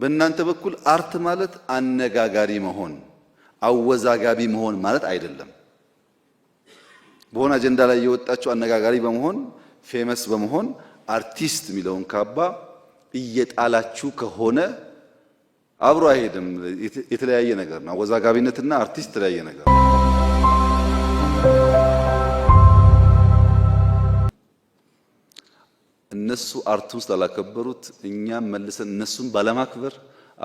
በእናንተ በኩል አርት ማለት አነጋጋሪ መሆን አወዛጋቢ መሆን ማለት አይደለም። በሆነ አጀንዳ ላይ የወጣችሁ አነጋጋሪ በመሆን ፌመስ በመሆን አርቲስት የሚለውን ካባ እየጣላችሁ ከሆነ አብሮ አይሄድም። የተለያየ ነገር ነው። አወዛጋቢነትና አርቲስት የተለያየ ነገር ነው። እነሱ አርቱን ስላላከበሩት እኛም መልሰን እነሱን ባለማክበር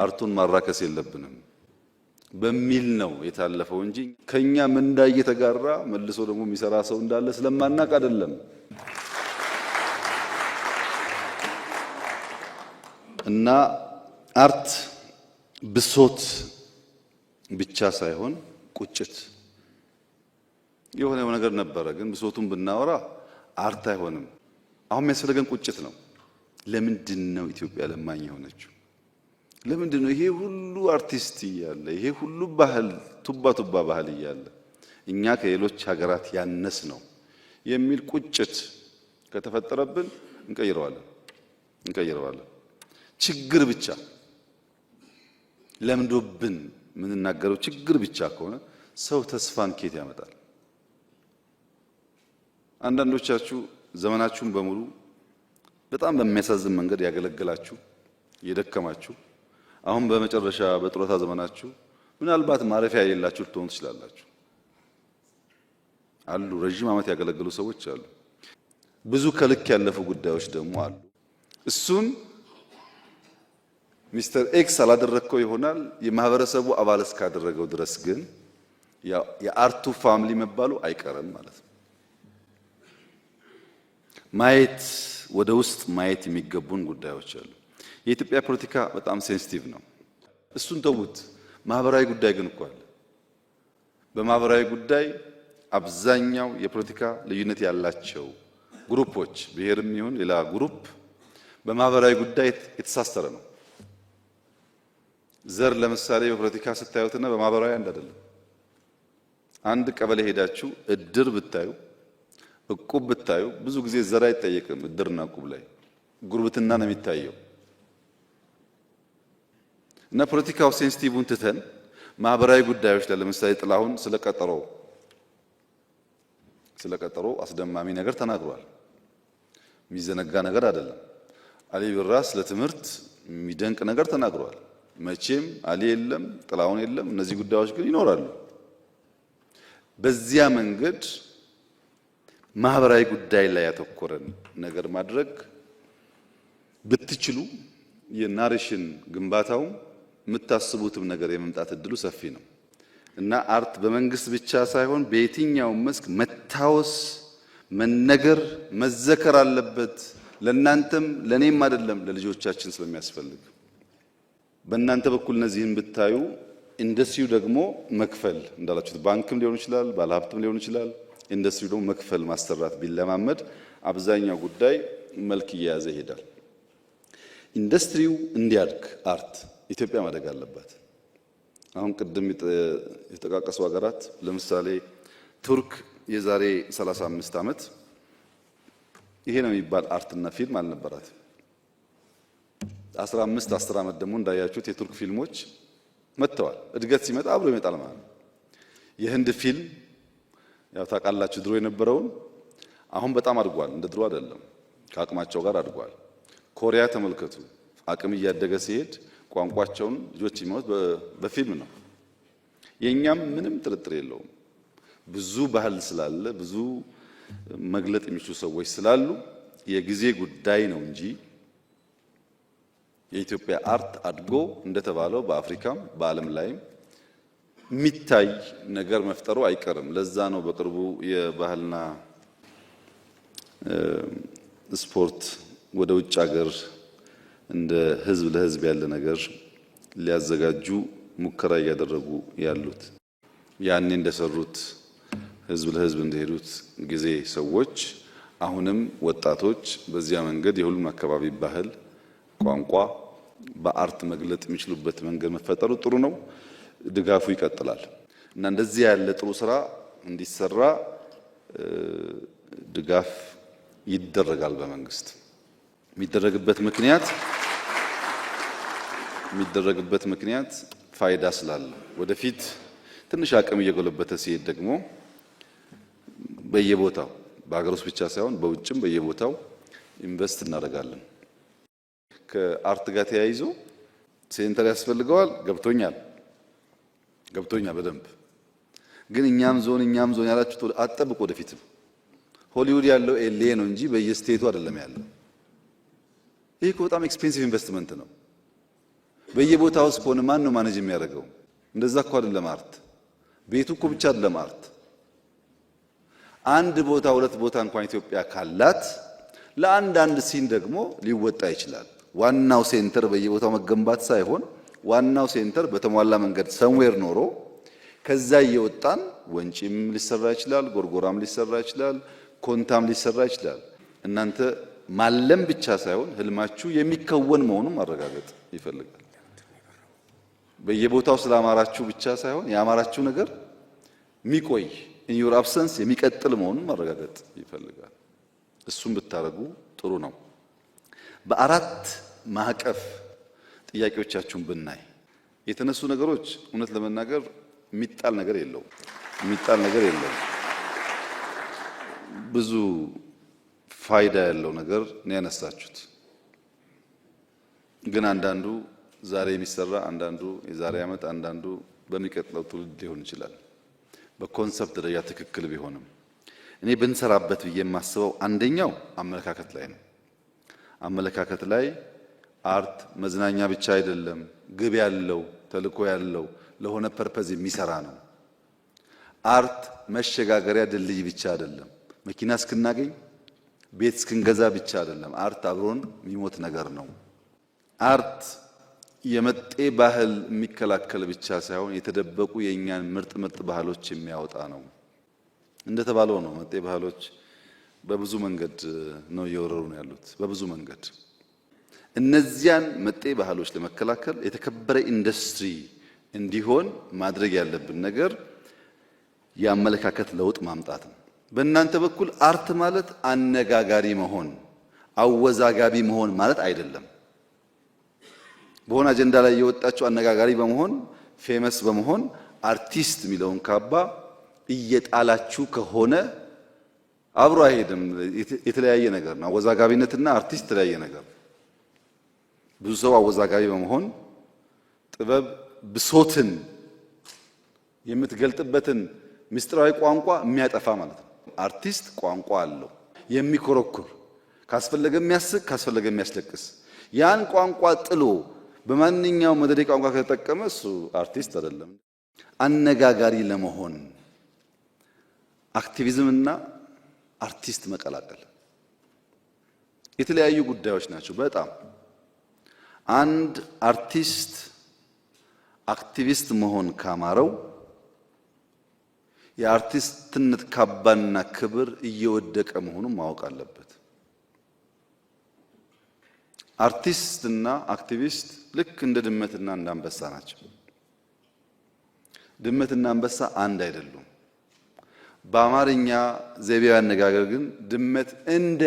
አርቱን ማራከስ የለብንም በሚል ነው የታለፈው እንጂ ከኛ ምንዳ እየተጋራ መልሶ ደግሞ የሚሰራ ሰው እንዳለ ስለማናቅ አይደለም። እና አርት ብሶት ብቻ ሳይሆን ቁጭት የሆነው ነገር ነበረ። ግን ብሶቱን ብናወራ አርት አይሆንም። አሁን የሚያስፈልገን ቁጭት ነው። ለምንድን ነው ኢትዮጵያ ለማኝ የሆነችው? ለምንድን ነው ይሄ ሁሉ አርቲስት እያለ ይሄ ሁሉ ባህል ቱባ ቱባ ባህል እያለ እኛ ከሌሎች ሀገራት ያነስ ነው የሚል ቁጭት ከተፈጠረብን እንቀይረዋለን እንቀይረዋለን። ችግር ብቻ ለምዶብን የምንናገረው ችግር ብቻ ከሆነ ሰው ተስፋን ኬት ያመጣል? አንዳንዶቻችሁ ዘመናችሁን በሙሉ በጣም በሚያሳዝን መንገድ ያገለገላችሁ የደከማችሁ፣ አሁን በመጨረሻ በጡረታ ዘመናችሁ ምናልባት ማረፊያ የሌላችሁ ልትሆኑ ትችላላችሁ። አሉ ረዥም ዓመት ያገለገሉ ሰዎች አሉ። ብዙ ከልክ ያለፉ ጉዳዮች ደግሞ አሉ። እሱን ሚስተር ኤክስ አላደረግከው ይሆናል። የማህበረሰቡ አባል እስካደረገው ድረስ ግን የአርቱ ፋሚሊ መባሉ አይቀርም ማለት ነው። ማየት ወደ ውስጥ ማየት የሚገቡን ጉዳዮች አሉ። የኢትዮጵያ ፖለቲካ በጣም ሴንሲቲቭ ነው። እሱን ተዉት። ማህበራዊ ጉዳይ ግን እኮ አለ። በማህበራዊ ጉዳይ አብዛኛው የፖለቲካ ልዩነት ያላቸው ግሩፖች ብሔርም ይሁን ሌላ ግሩፕ በማህበራዊ ጉዳይ የተሳሰረ ነው። ዘር ለምሳሌ በፖለቲካ ስታዩትና በማህበራዊ አንድ አይደለም። አንድ ቀበሌ ሄዳችሁ እድር ብታዩ እቁብ ብታዩ ብዙ ጊዜ ዘር አይጠየቅም። እድርና እቁብ ላይ ጉርብትና ነው የሚታየው። እና ፖለቲካው ሴንስቲቭን ትተን ማህበራዊ ጉዳዮች ላይ ለምሳሌ ጥላሁን ስለቀጠሮ ቀጠሮ አስደማሚ ነገር ተናግሯል። የሚዘነጋ ነገር አይደለም። አሊ ብራ ስለ ትምህርት የሚደንቅ ነገር ተናግሯል። መቼም አሊ የለም፣ ጥላሁን የለም። እነዚህ ጉዳዮች ግን ይኖራሉ። በዚያ መንገድ ማህበራዊ ጉዳይ ላይ ያተኮረን ነገር ማድረግ ብትችሉ የናሬሽን ግንባታው የምታስቡትም ነገር የመምጣት እድሉ ሰፊ ነው እና አርት በመንግስት ብቻ ሳይሆን በየትኛውም መስክ መታወስ፣ መነገር፣ መዘከር አለበት። ለእናንተም ለእኔም አይደለም ለልጆቻችን ስለሚያስፈልግ በእናንተ በኩል እነዚህን ብታዩ ኢንዱስትሪው ደግሞ መክፈል እንዳላችሁት ባንክም ሊሆን ይችላል፣ ባለሀብትም ሊሆን ይችላል ኢንዱስትሪ ደግሞ መክፈል ማሰራት ቢለማመድ አብዛኛው ጉዳይ መልክ እየያዘ ይሄዳል። ኢንዱስትሪው እንዲያድግ አርት ኢትዮጵያ ማደግ አለባት። አሁን ቅድም የተጠቃቀሱ ሀገራት ለምሳሌ ቱርክ የዛሬ 35 ዓመት ይሄ ነው የሚባል አርትና ፊልም አልነበራት። 15 10 ዓመት ደግሞ እንዳያችሁት የቱርክ ፊልሞች መጥተዋል። እድገት ሲመጣ አብሮ ይመጣል ማለት ነው። የህንድ ፊልም ያው ታውቃላችሁ ድሮ የነበረውን አሁን በጣም አድጓል። እንደ ድሮ አይደለም፣ ከአቅማቸው ጋር አድጓል። ኮሪያ ተመልከቱ፣ አቅም እያደገ ሲሄድ ቋንቋቸውን ልጆች የሚሆኑት በፊልም ነው። የእኛም ምንም ጥርጥር የለውም። ብዙ ባህል ስላለ ብዙ መግለጥ የሚችሉ ሰዎች ስላሉ የጊዜ ጉዳይ ነው እንጂ የኢትዮጵያ አርት አድጎ እንደተባለው በአፍሪካም በዓለም ላይም የሚታይ ነገር መፍጠሩ አይቀርም። ለዛ ነው በቅርቡ የባህልና ስፖርት ወደ ውጭ ሀገር እንደ ህዝብ ለህዝብ ያለ ነገር ሊያዘጋጁ ሙከራ እያደረጉ ያሉት። ያኔ እንደሰሩት ህዝብ ለህዝብ እንደሄዱት ጊዜ ሰዎች አሁንም ወጣቶች በዚያ መንገድ የሁሉም አካባቢ ባህል፣ ቋንቋ በአርት መግለጥ የሚችሉበት መንገድ መፈጠሩ ጥሩ ነው። ድጋፉ ይቀጥላል እና እንደዚህ ያለ ጥሩ ስራ እንዲሰራ ድጋፍ ይደረጋል። በመንግስት የሚደረግበት ምክንያት የሚደረግበት ምክንያት ፋይዳ ስላለ ወደፊት ትንሽ አቅም እየጎለበተ ሲሄድ ደግሞ በየቦታው በሀገር ውስጥ ብቻ ሳይሆን በውጭም በየቦታው ኢንቨስት እናደርጋለን። ከአርት ጋር ተያይዞ ሴንተር ያስፈልገዋል። ገብቶኛል። ገብቶኛል በደንብ ግን እኛም ዞን እኛም ዞን ያላችሁት አጠብቅ ወደፊትም ሆሊውድ ያለው ኤሌ ነው እንጂ በየስቴቱ አይደለም ያለው። ይህ እኮ በጣም ኤክስፔንሲቭ ኢንቨስትመንት ነው። በየቦታው ውስጥ ከሆነ ማን ነው ማኔጅ የሚያደርገው? እንደዛ እኮ አይደለም አርት። ቤቱ እኮ ብቻ አይደለም አርት። አንድ ቦታ ሁለት ቦታ እንኳን ኢትዮጵያ ካላት ለአንዳንድ ሲን ደግሞ ሊወጣ ይችላል። ዋናው ሴንተር በየቦታው መገንባት ሳይሆን ዋናው ሴንተር በተሟላ መንገድ ሰምዌር ኖሮ ከዛ እየወጣን ወንጪም ሊሰራ ይችላል፣ ጎርጎራም ሊሰራ ይችላል፣ ኮንታም ሊሰራ ይችላል። እናንተ ማለም ብቻ ሳይሆን ህልማችሁ የሚከወን መሆኑን ማረጋገጥ ይፈልጋል። በየቦታው ስላማራችሁ ብቻ ሳይሆን የአማራችሁ ነገር የሚቆይ ኢንዩር አብሰንስ የሚቀጥል መሆኑን ማረጋገጥ ይፈልጋል። እሱም ብታደርጉ ጥሩ ነው። በአራት ማዕቀፍ ጥያቄዎቻችሁን ብናይ የተነሱ ነገሮች እውነት ለመናገር የሚጣል ነገር የለው የሚጣል ነገር የለውም። ብዙ ፋይዳ ያለው ነገር ነው ያነሳችሁት። ግን አንዳንዱ ዛሬ የሚሰራ አንዳንዱ የዛሬ ዓመት አንዳንዱ በሚቀጥለው ትውልድ ሊሆን ይችላል። በኮንሰፕት ደረጃ ትክክል ቢሆንም እኔ ብንሰራበት ብዬ የማስበው አንደኛው አመለካከት ላይ ነው። አመለካከት ላይ አርት መዝናኛ ብቻ አይደለም። ግብ ያለው ተልዕኮ ያለው ለሆነ ፐርፐዝ የሚሰራ ነው። አርት መሸጋገሪያ ድልድይ ብቻ አይደለም። መኪና እስክናገኝ ቤት እስክንገዛ ብቻ አይደለም። አርት አብሮን የሚሞት ነገር ነው። አርት የመጤ ባህል የሚከላከል ብቻ ሳይሆን የተደበቁ የእኛን ምርጥ ምርጥ ባህሎች የሚያወጣ ነው። እንደተባለው ነው። መጤ ባህሎች በብዙ መንገድ ነው እየወረሩ ነው ያሉት፣ በብዙ መንገድ እነዚያን መጤ ባህሎች ለመከላከል የተከበረ ኢንዱስትሪ እንዲሆን ማድረግ ያለብን ነገር የአመለካከት ለውጥ ማምጣት ነው። በእናንተ በኩል አርት ማለት አነጋጋሪ መሆን፣ አወዛጋቢ መሆን ማለት አይደለም። በሆነ አጀንዳ ላይ የወጣችው አነጋጋሪ በመሆን ፌመስ በመሆን አርቲስት የሚለውን ካባ እየጣላችሁ ከሆነ አብሮ አይሄድም። የተለያየ ነገር ነው። አወዛጋቢነትና አርቲስት የተለያየ ነገር ብዙ ሰው አወዛጋቢ በመሆን ጥበብ ብሶትን የምትገልጥበትን ምስጢራዊ ቋንቋ የሚያጠፋ ማለት ነው። አርቲስት ቋንቋ አለው የሚኮረኩር ካስፈለገ የሚያስቅ ካስፈለገ የሚያስለቅስ ያን ቋንቋ ጥሎ በማንኛውም መደዴ ቋንቋ ከተጠቀመ እሱ አርቲስት አይደለም። አነጋጋሪ ለመሆን አክቲቪዝምና አርቲስት መቀላቀል የተለያዩ ጉዳዮች ናቸው በጣም አንድ አርቲስት አክቲቪስት መሆን ካማረው የአርቲስትነት ካባና ክብር እየወደቀ መሆኑን ማወቅ አለበት። አርቲስትና አክቲቪስት ልክ እንደ ድመትና እንደ አንበሳ ናቸው። ድመትና አንበሳ አንድ አይደሉም። በአማርኛ ዘይቤያዊ አነጋገር ግን ድመት እንደ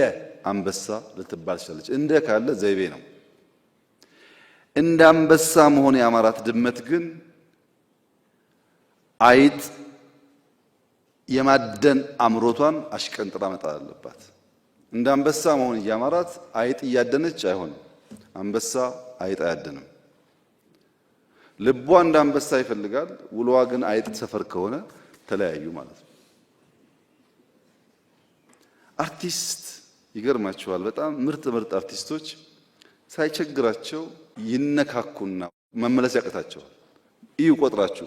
አንበሳ ልትባል ትችላለች። እንደ ካለ ዘይቤ ነው። እንደ አንበሳ መሆን የአማራት ድመት ግን አይጥ የማደን አምሮቷን አሽቀንጥራ መጣል አለባት። እንደ አንበሳ መሆን እያማራት አይጥ እያደነች አይሆንም። አንበሳ አይጥ አያደንም። ልቧ እንደ አንበሳ ይፈልጋል፣ ውሎዋ ግን አይጥ ሰፈር ከሆነ ተለያዩ ማለት ነው። አርቲስት ይገርማችኋል፣ በጣም ምርጥ ምርጥ አርቲስቶች ሳይቸግራቸው ይነካኩና መመለስ ያቅታቸዋል። እዩ ቆጥራችሁ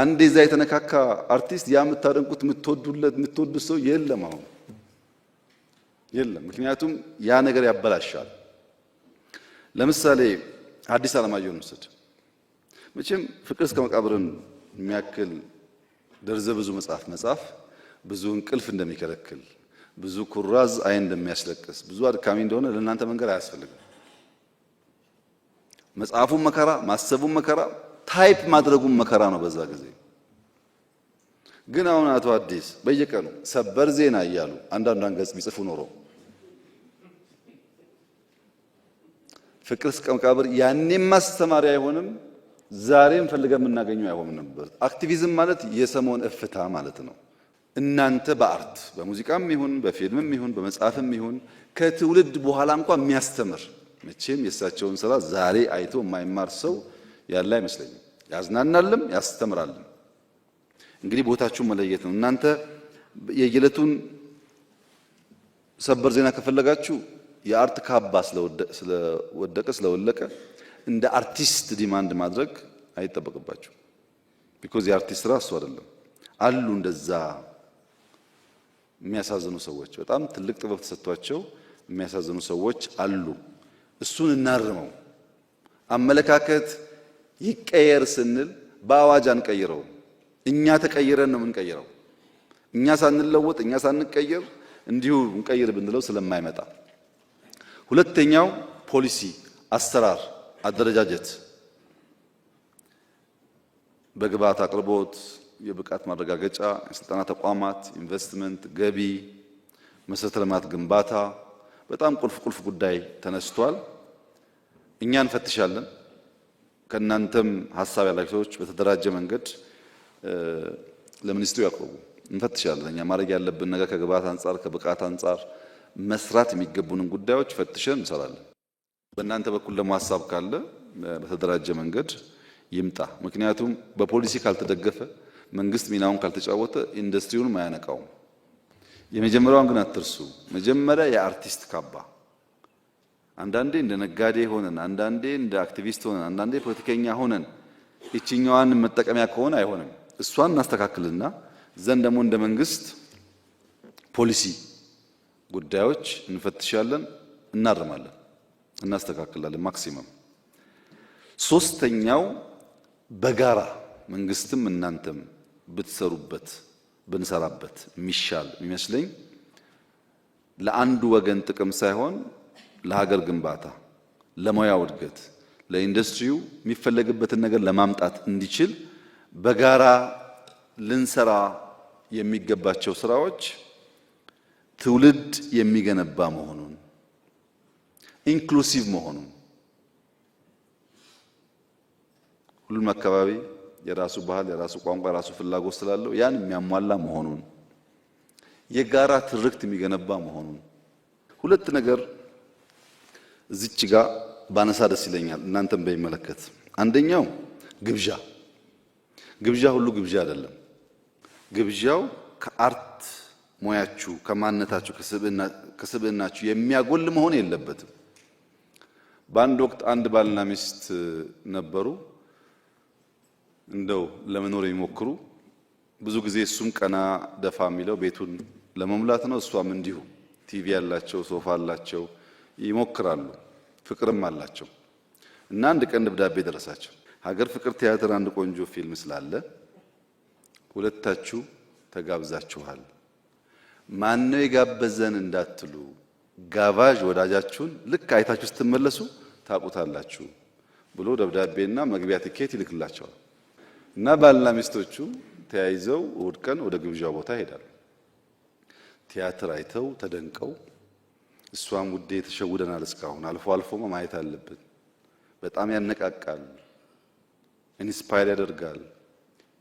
አንድ ዛ የተነካካ አርቲስት ያ የምታደንቁት የምትወዱለት የምትወዱት ሰው የለም፣ አሁን የለም። ምክንያቱም ያ ነገር ያበላሻል። ለምሳሌ ሐዲስ ዓለማየሁን ውሰድ። መቼም ፍቅር እስከ መቃብርን የሚያክል ደርዘ ብዙ መጽሐፍ መጽሐፍ ብዙ እንቅልፍ እንደሚከለክል፣ ብዙ ኩራዝ አይን እንደሚያስለቅስ፣ ብዙ አድካሚ እንደሆነ ለእናንተ መንገድ አያስፈልግም። መጽሐፉን መከራ፣ ማሰቡን መከራ፣ ታይፕ ማድረጉን መከራ ነው በዛ ጊዜ። ግን አሁን አቶ አዲስ በየቀኑ ሰበር ዜና እያሉ አንዳንዷን ገጽ ቢጽፉ ኖሮ ፍቅር እስከ መቃብር ያኔም ማስተማሪያ አይሆንም፣ ዛሬም ፈልገን የምናገኘው አይሆንም ነበር። አክቲቪዝም ማለት የሰሞን እፍታ ማለት ነው። እናንተ በአርት በሙዚቃም ይሁን በፊልምም ይሁን በመጽሐፍም ይሁን ከትውልድ በኋላ እንኳ የሚያስተምር መቼም የእሳቸውን ስራ ዛሬ አይቶ የማይማር ሰው ያለ አይመስለኝም። ያዝናናልም ያስተምራልም። እንግዲህ ቦታችሁን መለየት ነው። እናንተ የየዕለቱን ሰበር ዜና ከፈለጋችሁ የአርት ካባ ስለወደቀ ስለወለቀ እንደ አርቲስት ዲማንድ ማድረግ አይጠበቅባችሁ። ቢኮዝ የአርቲስት ስራ እሱ አይደለም። አሉ እንደዛ የሚያሳዝኑ ሰዎች፣ በጣም ትልቅ ጥበብ ተሰጥቷቸው የሚያሳዝኑ ሰዎች አሉ። እሱን እናርመው። አመለካከት ይቀየር ስንል በአዋጅ አንቀይረው፣ እኛ ተቀይረን ነው የምንቀይረው። እኛ ሳንለወጥ እኛ ሳንቀየር እንዲሁ እንቀይር ብንለው ስለማይመጣ፣ ሁለተኛው ፖሊሲ፣ አሰራር፣ አደረጃጀት በግብዓት አቅርቦት፣ የብቃት ማረጋገጫ፣ የስልጠና ተቋማት፣ ኢንቨስትመንት፣ ገቢ፣ መሰረተ ልማት ግንባታ በጣም ቁልፍ ቁልፍ ጉዳይ ተነስቷል። እኛ እንፈትሻለን። ከእናንተም ሀሳብ ያላቸው ሰዎች በተደራጀ መንገድ ለሚኒስትሩ ያቅርቡ፣ እንፈትሻለን። እኛ ማድረግ ያለብን ነገር ከግብዓት አንጻር፣ ከብቃት አንጻር መስራት የሚገቡንን ጉዳዮች ፈትሸን እንሰራለን። በእናንተ በኩል ደግሞ ሀሳብ ካለ በተደራጀ መንገድ ይምጣ። ምክንያቱም በፖሊሲ ካልተደገፈ መንግስት ሚናውን ካልተጫወተ ኢንዱስትሪውን አያነቃውም። የመጀመሪያውን ግን አትርሱ። መጀመሪያ የአርቲስት ካባ አንዳንዴ እንደ ነጋዴ ሆነን፣ አንዳንዴ እንደ አክቲቪስት ሆነን፣ አንዳንዴ ፖለቲከኛ ሆነን ይችኛዋን መጠቀሚያ ከሆነ አይሆንም። እሷን እናስተካክልና ዘን ደግሞ እንደ መንግስት ፖሊሲ ጉዳዮች እንፈትሻለን፣ እናርማለን፣ እናስተካክላለን። ማክሲመም ሶስተኛው በጋራ መንግስትም እናንተም ብትሰሩበት ብንሰራበት የሚሻል የሚመስለኝ ለአንዱ ወገን ጥቅም ሳይሆን ለሀገር ግንባታ፣ ለሙያው እድገት፣ ለኢንዱስትሪው የሚፈለግበትን ነገር ለማምጣት እንዲችል በጋራ ልንሰራ የሚገባቸው ስራዎች ትውልድ የሚገነባ መሆኑን ኢንክሉሲቭ መሆኑን ሁሉም አካባቢ የራሱ ባህል፣ የራሱ ቋንቋ፣ የራሱ ፍላጎት ስላለው ያን የሚያሟላ መሆኑን የጋራ ትርክት የሚገነባ መሆኑን ሁለት ነገር እዚች ጋ ባነሳ ደስ ይለኛል፣ እናንተም በሚመለከት አንደኛው ግብዣ ግብዣ ሁሉ ግብዣ አይደለም። ግብዣው ከአርት ሙያችሁ ከማንነታችሁ ከስብዕናችሁ የሚያጎል መሆን የለበትም። በአንድ ወቅት አንድ ባልና ሚስት ነበሩ። እንደው ለመኖር የሚሞክሩ ብዙ ጊዜ እሱም ቀና ደፋ የሚለው ቤቱን ለመሙላት ነው። እሷም እንዲሁ ቲቪ ያላቸው ሶፋ አላቸው፣ ይሞክራሉ። ፍቅርም አላቸው እና አንድ ቀን ደብዳቤ ደረሳቸው። ሀገር ፍቅር ቲያትር አንድ ቆንጆ ፊልም ስላለ ሁለታችሁ ተጋብዛችኋል። ነው የጋበዘን እንዳትሉ፣ ጋባዥ ወዳጃችሁን ልክ አይታችሁ ስትመለሱ ታውቁታላችሁ ብሎ ደብዳቤና መግቢያ ትኬት ይልክላቸዋል። እና ባልና ሚስቶቹ ተያይዘው ውድቀን ቀን ወደ ግብዣ ቦታ ይሄዳሉ። ቲያትር አይተው ተደንቀው፣ እሷም ውዴ ተሸውደናል እስካሁን አልፎ አልፎ ማየት አለብን። በጣም ያነቃቃል፣ ኢንስፓየር ያደርጋል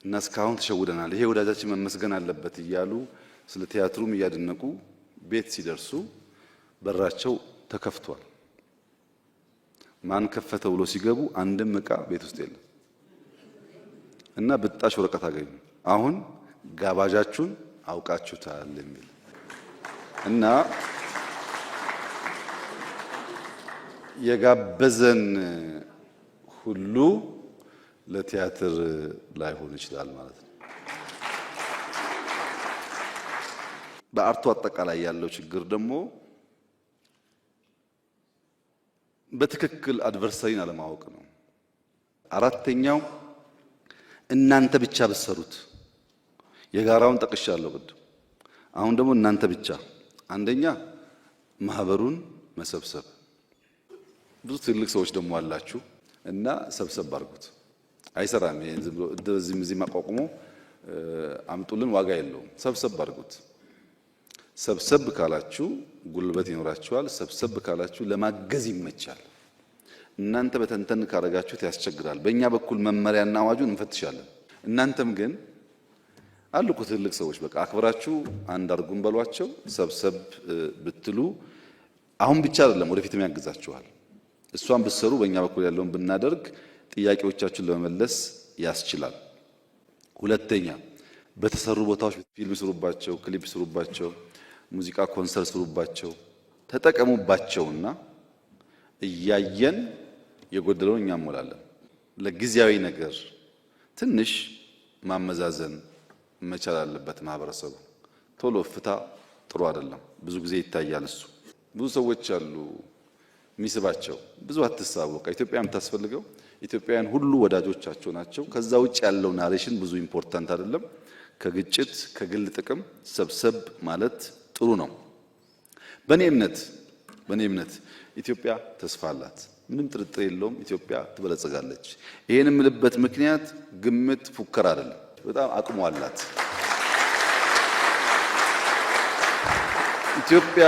እና እስካሁን ተሸውደናል፣ ይሄ ወዳጃችን መመስገን አለበት እያሉ ስለ ቲያትሩም እያደነቁ ቤት ሲደርሱ በራቸው ተከፍቷል። ማን ከፈተ ብሎ ሲገቡ አንድም እቃ ቤት ውስጥ የለም። እና ብጣሽ ወረቀት አገኙ። አሁን ጋባዣችሁን አውቃችሁታል የሚል እና የጋበዘን ሁሉ ለቲያትር ላይሆን ይችላል ማለት ነው። በአርቱ አጠቃላይ ያለው ችግር ደግሞ በትክክል አድቨርሰሪን አለማወቅ ነው። አራተኛው እናንተ ብቻ ብትሰሩት የጋራውን ጠቅሻለሁ ቅድም። አሁን ደግሞ እናንተ ብቻ አንደኛ ማህበሩን መሰብሰብ ብዙ ትልቅ ሰዎች ደግሞ አላችሁ እና ሰብሰብ አድርጉት። አይሰራም። እዚህም እዚህ ማቋቁሞ አምጡልን ዋጋ የለውም። ሰብሰብ አድርጉት። ሰብሰብ ካላችሁ ጉልበት ይኖራችኋል። ሰብሰብ ካላችሁ ለማገዝ ይመቻል። እናንተ በተንተን ካረጋችሁት ያስቸግራል። በእኛ በኩል መመሪያና አዋጁን እንፈትሻለን። እናንተም ግን አልኩ ትልልቅ ሰዎች በቃ አክብራችሁ አንድ አርጉን በሏቸው። ሰብሰብ ብትሉ አሁን ብቻ አይደለም ወደፊትም ያግዛችኋል። እሷን ብትሰሩ በእኛ በኩል ያለውን ብናደርግ ጥያቄዎቻችሁን ለመመለስ ያስችላል። ሁለተኛ በተሰሩ ቦታዎች ፊልም ስሩባቸው፣ ክሊፕ ስሩባቸው፣ ሙዚቃ ኮንሰርት ስሩባቸው፣ ተጠቀሙባቸውና እያየን የጎደለውን እኛ እንሞላለን። ለጊዜያዊ ነገር ትንሽ ማመዛዘን መቻል አለበት ማህበረሰቡ። ቶሎ ፍታ ጥሩ አይደለም። ብዙ ጊዜ ይታያል እሱ። ብዙ ሰዎች አሉ የሚስባቸው። ብዙ አትሳወቀ። ኢትዮጵያ የምታስፈልገው ኢትዮጵያውያን ሁሉ ወዳጆቻቸው ናቸው። ከዛ ውጭ ያለው ናሬሽን ብዙ ኢምፖርታንት አይደለም። ከግጭት ከግል ጥቅም ሰብሰብ ማለት ጥሩ ነው። በእኔ እምነት በእኔ እምነት ኢትዮጵያ ተስፋ አላት። ምንም ጥርጥር የለውም ኢትዮጵያ ትበለጽጋለች። ይህን የምልበት ምክንያት ግምት፣ ፉከር አይደለም። በጣም አቅሙ አላት ኢትዮጵያ።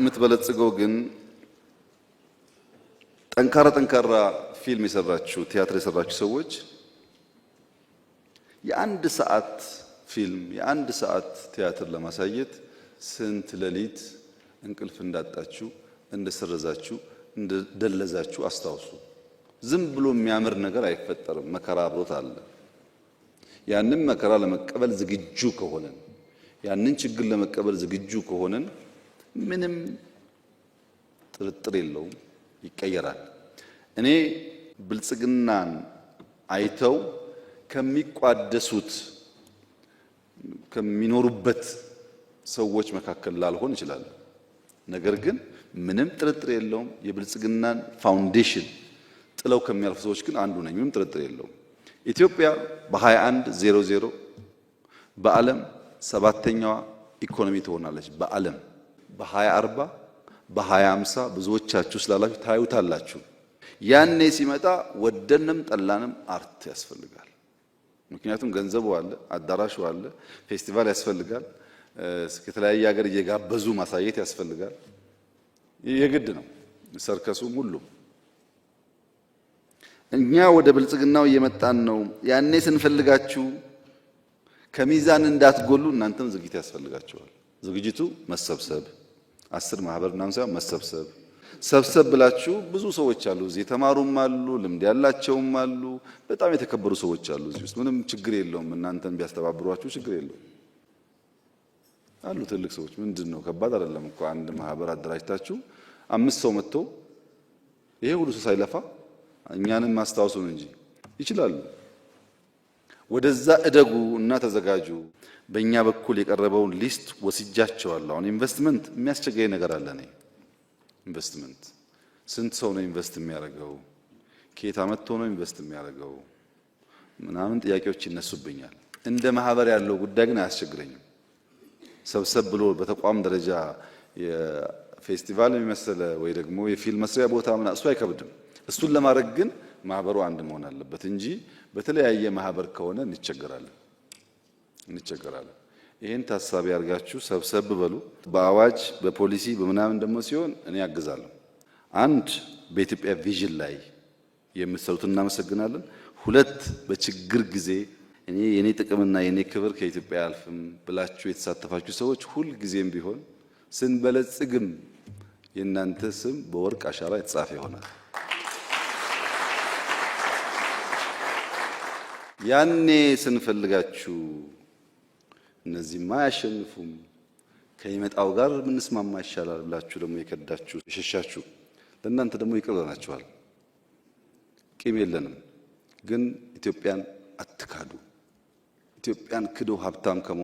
የምትበለጽገው ግን ጠንካራ ጠንካራ ፊልም የሰራችሁ ቲያትር የሰራችሁ ሰዎች የአንድ ሰዓት ፊልም የአንድ ሰዓት ቲያትር ለማሳየት ስንት ሌሊት እንቅልፍ እንዳጣችሁ እንደሰረዛችሁ እንደደለዛችሁ አስታውሱ። ዝም ብሎ የሚያምር ነገር አይፈጠርም። መከራ አብሮት አለ። ያንን መከራ ለመቀበል ዝግጁ ከሆነን፣ ያንን ችግር ለመቀበል ዝግጁ ከሆነን ምንም ጥርጥር የለውም ይቀየራል። እኔ ብልጽግናን አይተው ከሚቋደሱት ከሚኖሩበት ሰዎች መካከል ላልሆን እችላለሁ ነገር ግን ምንም ጥርጥር የለውም የብልጽግናን ፋውንዴሽን ጥለው ከሚያልፉ ሰዎች ግን አንዱ ነኝ። ምንም ጥርጥር የለውም። ኢትዮጵያ በ2100 በዓለም ሰባተኛዋ ኢኮኖሚ ትሆናለች። በዓለም በ2040 በ2050 ብዙዎቻችሁ ስላላችሁ ታዩታላችሁ። ያኔ ሲመጣ ወደንም ጠላንም አርት ያስፈልጋል። ምክንያቱም ገንዘቡ አለ፣ አዳራሹ አለ፣ ፌስቲቫል ያስፈልጋል። ከተለያየ ሀገር እየጋበዙ ማሳየት ያስፈልጋል። የግድ ነው። ሰርከሱም ሁሉም እኛ ወደ ብልጽግናው እየመጣን ነው። ያኔ ስንፈልጋችሁ ከሚዛን እንዳትጎሉ እናንተም ዝግጅት ያስፈልጋቸዋል። ዝግጅቱ መሰብሰብ አስር ማህበር ምናምን ሳይሆን መሰብሰብ ሰብሰብ ብላችሁ ብዙ ሰዎች አሉ። እዚህ የተማሩም አሉ፣ ልምድ ያላቸውም አሉ። በጣም የተከበሩ ሰዎች አሉ እዚህ ውስጥ ምንም ችግር የለውም። እናንተን ቢያስተባብሯችሁ ችግር የለውም። አሉ ትልቅ ሰዎች። ምንድን ነው ከባድ አይደለም እኮ አንድ ማህበር አደራጅታችሁ አምስት ሰው መጥቶ ይሄ ሁሉ ሰው ሳይለፋ እኛንም ማስታወሱን እንጂ ይችላሉ። ወደዛ እደጉ እና ተዘጋጁ። በእኛ በኩል የቀረበውን ሊስት ወስጃቸዋለሁ። አሁን ኢንቨስትመንት የሚያስቸግረኝ ነገር አለ። እኔ ኢንቨስትመንት ስንት ሰው ነው ኢንቨስት የሚያደርገው? ከየት መጥቶ ነው ኢንቨስት የሚያደርገው? ምናምን ጥያቄዎች ይነሱብኛል። እንደ ማህበር ያለው ጉዳይ ግን አያስቸግረኝም። ሰብሰብ ብሎ በተቋም ደረጃ የፌስቲቫል የመሰለ ወይ ደግሞ የፊልም መስሪያ ቦታ ምናምን እሱ አይከብድም። እሱን ለማድረግ ግን ማህበሩ አንድ መሆን አለበት እንጂ በተለያየ ማህበር ከሆነ እንቸገራለን እንቸገራለን። ይህን ታሳቢ አድርጋችሁ ሰብሰብ በሉ። በአዋጅ በፖሊሲ በምናምን ደግሞ ሲሆን እኔ አግዛለሁ። አንድ በኢትዮጵያ ቪዥን ላይ የምትሰሩት እናመሰግናለን። ሁለት በችግር ጊዜ እኔ የኔ ጥቅምና የኔ ክብር ከኢትዮጵያ አያልፍም ብላችሁ የተሳተፋችሁ ሰዎች ሁል ጊዜም ቢሆን ስንበለጽግም የእናንተ ስም በወርቅ አሻራ የተጻፈ ይሆናል። ያኔ ስንፈልጋችሁ እነዚህማ አያሸንፉም ከሚመጣው ጋር ምንስማማ ይሻላል ብላችሁ ደግሞ የከዳችሁ የሸሻችሁ ለእናንተ ደግሞ ይቅር ብለናችኋል። ቂም የለንም፣ ግን ኢትዮጵያን አትካዱ። ኢትዮጵያን ክዶ ሀብታም ከመሆን